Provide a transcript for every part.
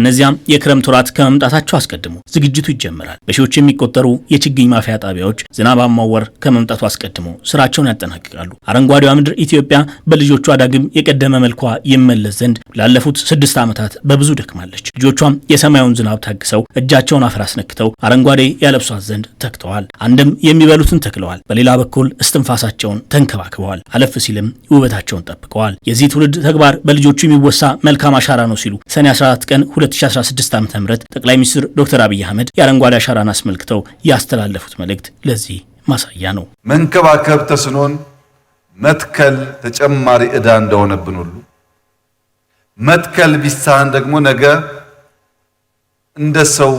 እነዚያም የክረምት ወራት ከመምጣታቸው አስቀድሞ ዝግጅቱ ይጀምራል። በሺዎች የሚቆጠሩ የችግኝ ማፍያ ጣቢያዎች ዝናባማው ወር ከመምጣቱ አስቀድሞ ስራቸውን ያጠናቅቃሉ። አረንጓዴዋ ምድር ኢትዮጵያ በልጆቿ ዳግም የቀደመ መልኳ ይመለስ ዘንድ ላለፉት ስድስት ዓመታት በብዙ ደክማለች። ልጆቿም የሰማዩን ዝናብ ታግሰው እጃቸውን አፈር አስነክተው አረንጓዴ ያለብሷት ዘንድ ተክተዋል። አንድም የሚበሉትን ተክለዋል፣ በሌላ በኩል እስትንፋሳቸውን ተንከባክበዋል። አለፍ ሲልም ውበታቸውን ጠብቀዋል። የዚህ ትውልድ ተግባር በልጆቹ የሚወሳ መልካም አሻራ ነው ሲሉ ሰኔ 14 ቀን 2016 ዓ ም ጠቅላይ ሚኒስትር ዶክተር አብይ አህመድ የአረንጓዴ አሻራን አስመልክተው ያስተላለፉት መልእክት ለዚህ ማሳያ ነው። መንከባከብ ተስኖን መትከል ተጨማሪ ዕዳ እንደሆነብን ሁሉ መትከል ቢሳን ደግሞ ነገ እንደ ሰው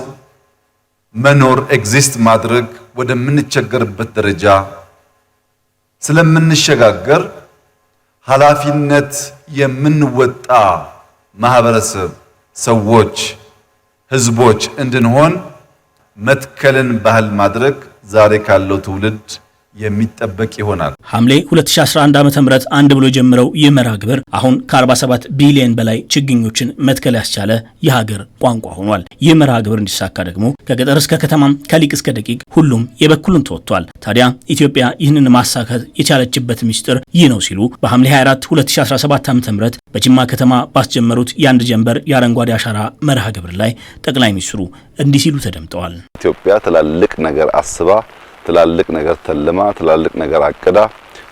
መኖር ኤግዚስት ማድረግ ወደምንቸገርበት ደረጃ ስለምንሸጋገር ኃላፊነት የምንወጣ ማህበረሰብ ሰዎች፣ ህዝቦች እንድንሆን መትከልን ባህል ማድረግ ዛሬ ካለው ትውልድ የሚጠበቅ ይሆናል። ሐምሌ 2011 ዓ ም አንድ ብሎ የጀምረው ይህ መርሃ ግብር አሁን ከ47 ቢሊዮን በላይ ችግኞችን መትከል ያስቻለ የሀገር ቋንቋ ሆኗል። ይህ መርሃ ግብር እንዲሳካ ደግሞ ከገጠር እስከ ከተማም ከሊቅ እስከ ደቂቅ ሁሉም የበኩሉን ተወጥቷል። ታዲያ ኢትዮጵያ ይህንን ማሳካት የቻለችበት ምስጢር ይህ ነው ሲሉ በሐምሌ 24 2017 ዓ ም በጅማ ከተማ ባስጀመሩት የአንድ ጀንበር የአረንጓዴ አሻራ መርሃ ግብር ላይ ጠቅላይ ሚኒስትሩ እንዲህ ሲሉ ተደምጠዋል። ኢትዮጵያ ትላልቅ ነገር አስባ ትላልቅ ነገር ተልማ ትላልቅ ነገር አቅዳ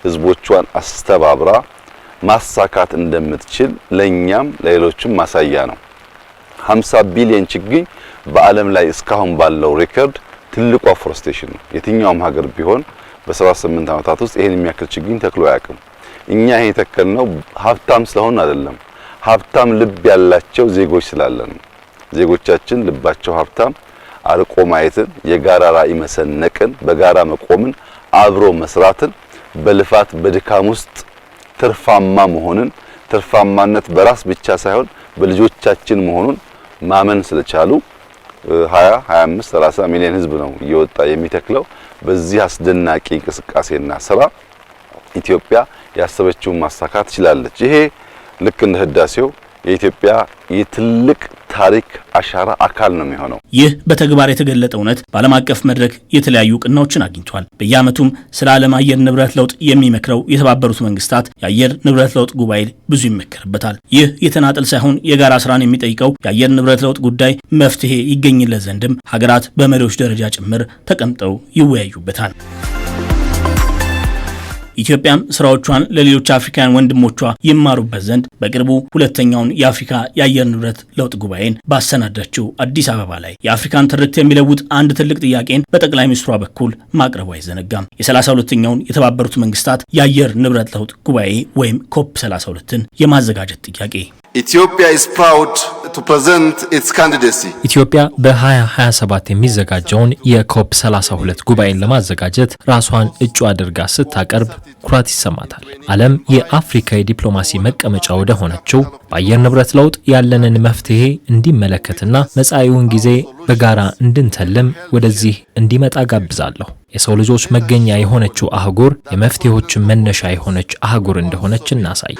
ህዝቦቿን አስተባብራ ማሳካት እንደምትችል ለኛም ለሌሎችም ማሳያ ነው። 50 ቢሊዮን ችግኝ በዓለም ላይ እስካሁን ባለው ሪከርድ ትልቁ አፎረስቴሽን ነው። የትኛውም ሀገር ቢሆን በ78 ዓመታት ውስጥ ይሄን የሚያክል ችግኝ ተክሎ አያውቅም። እኛ ይሄ የተከልነው ሀብታም ስለሆን አይደለም፣ ሀብታም ልብ ያላቸው ዜጎች ስላለን ነው። ዜጎቻችን ልባቸው ሀብታም አርቆ ማየትን፣ የጋራ ራዕይ መሰነቅን፣ በጋራ መቆምን፣ አብሮ መስራትን፣ በልፋት በድካም ውስጥ ትርፋማ መሆንን፣ ትርፋማነት በራስ ብቻ ሳይሆን በልጆቻችን መሆኑን ማመን ስለቻሉ 20 25 30 ሚሊዮን ህዝብ ነው እየወጣ የሚተክለው። በዚህ አስደናቂ እንቅስቃሴና ስራ ኢትዮጵያ ያሰበችውን ማሳካት ትችላለች። ይሄ ልክ እንደ ህዳሴው የኢትዮጵያ የትልቅ የታሪክ አሻራ አካል ነው የሚሆነው። ይህ በተግባር የተገለጠ እውነት በዓለም አቀፍ መድረክ የተለያዩ እውቅናዎችን አግኝቷል። በየዓመቱም ስለ ዓለም አየር ንብረት ለውጥ የሚመክረው የተባበሩት መንግስታት የአየር ንብረት ለውጥ ጉባኤ ብዙ ይመከርበታል። ይህ የተናጠል ሳይሆን የጋራ ስራን የሚጠይቀው የአየር ንብረት ለውጥ ጉዳይ መፍትሄ ይገኝለት ዘንድም ሀገራት በመሪዎች ደረጃ ጭምር ተቀምጠው ይወያዩበታል። ኢትዮጵያም ስራዎቿን ለሌሎች አፍሪካውያን ወንድሞቿ ይማሩበት ዘንድ በቅርቡ ሁለተኛውን የአፍሪካ የአየር ንብረት ለውጥ ጉባኤን ባሰናዳችው አዲስ አበባ ላይ የአፍሪካን ትርክት የሚለውጥ አንድ ትልቅ ጥያቄን በጠቅላይ ሚኒስትሯ በኩል ማቅረቡ አይዘነጋም። የ32ኛውን የተባበሩት መንግስታት የአየር ንብረት ለውጥ ጉባኤ ወይም ኮፕ 32ን የማዘጋጀት ጥያቄ ኢትዮጵያ በ2027 የሚዘጋጀውን የኮፕ 32 ጉባኤን ለማዘጋጀት ራሷን እጩ አድርጋ ስታቀርብ ኩራት ይሰማታል። ዓለም የአፍሪካ የዲፕሎማሲ መቀመጫ ወደ ሆነችው በአየር ንብረት ለውጥ ያለንን መፍትሄ እንዲመለከትና መጻኢውን ጊዜ በጋራ እንድንተልም ወደዚህ እንዲመጣ ጋብዛለሁ። የሰው ልጆች መገኛ የሆነችው አህጉር የመፍትሄዎችን መነሻ የሆነች አህጉር እንደሆነች እናሳይ።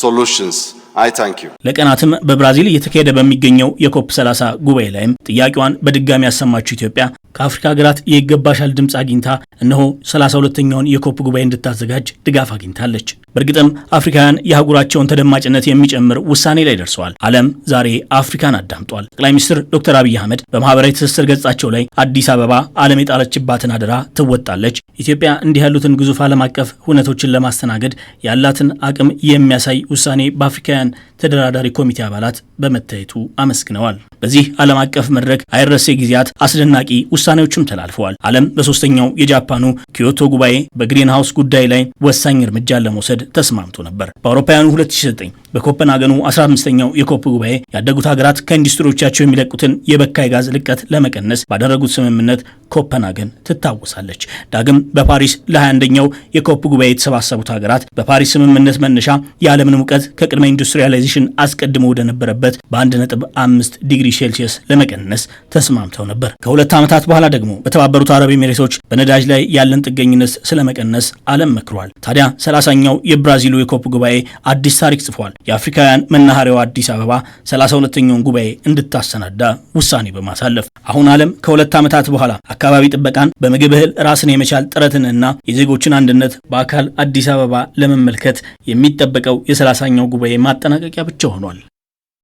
ሶሉሽንስ አይ ታንክ ዩ። ለቀናትም በብራዚል እየተካሄደ በሚገኘው የኮፕ 30 ጉባኤ ላይም ጥያቄዋን በድጋሚ ያሰማችው ኢትዮጵያ ከአፍሪካ ሀገራት የይገባሻል ድምፅ አግኝታ እነሆ 32ኛውን የኮፕ ጉባኤ እንድታዘጋጅ ድጋፍ አግኝታለች። በእርግጥም አፍሪካውያን የአህጉራቸውን ተደማጭነት የሚጨምር ውሳኔ ላይ ደርሰዋል። ዓለም ዛሬ አፍሪካን አዳምጧል። ጠቅላይ ሚኒስትር ዶክተር አብይ አህመድ በማህበራዊ ትስስር ገጻቸው ላይ አዲስ አበባ ዓለም የጣለችባትን አደራ ትወጣለች፣ ኢትዮጵያ እንዲህ ያሉትን ግዙፍ ዓለም አቀፍ ሁነቶችን ለማስተናገድ ያላትን አቅም የሚያሳይ ውሳኔ በአፍሪካውያን ተደራዳሪ ኮሚቴ አባላት በመታየቱ አመስግነዋል። በዚህ ዓለም አቀፍ መድረክ አይረሴ ጊዜያት አስደናቂ ውሳኔዎችም ተላልፈዋል። ዓለም በሶስተኛው የጃፓኑ ኪዮቶ ጉባኤ በግሪን ሃውስ ጉዳይ ላይ ወሳኝ እርምጃ ለመውሰድ ተስማምቶ ነበር። በአውሮፓውያኑ 2009 በኮፐንሃገኑ 15ኛው የኮፕ ጉባኤ ያደጉት ሀገራት ከኢንዱስትሪዎቻቸው የሚለቁትን የበካይ ጋዝ ልቀት ለመቀነስ ባደረጉት ስምምነት ኮፐንሃገን ትታወሳለች። ዳግም በፓሪስ ለ21ኛው የኮፕ ጉባኤ የተሰባሰቡት ሀገራት በፓሪስ ስምምነት መነሻ የዓለምን ሙቀት ከቅድመ ኢንዱስትሪያላይዜሽን አስቀድሞ ወደነበረበት በ1.5 ዲግሪ ሴልሲየስ ለመቀነስ ተስማምተው ነበር። ከሁለት ዓመታት በኋላ ደግሞ በተባበሩት አረብ ኤሚሬቶች በነዳጅ ላይ ያለን ጥገኝነት ስለመቀነስ ዓለም መክሯል። ታዲያ 30ኛው የብራዚሉ የኮፕ ጉባኤ አዲስ ታሪክ ጽፏል። የአፍሪካውያን መናኸሪያው አዲስ አበባ 32ኛውን ጉባኤ እንድታሰናዳ ውሳኔ በማሳለፍ አሁን ዓለም ከሁለት ዓመታት በኋላ አካባቢ ጥበቃን በምግብ እህል ራስን የመቻል ጥረትንና የዜጎችን አንድነት በአካል አዲስ አበባ ለመመልከት የሚጠበቀው የ30ኛው ጉባኤ ማጠናቀቂያ ብቻ ሆኗል።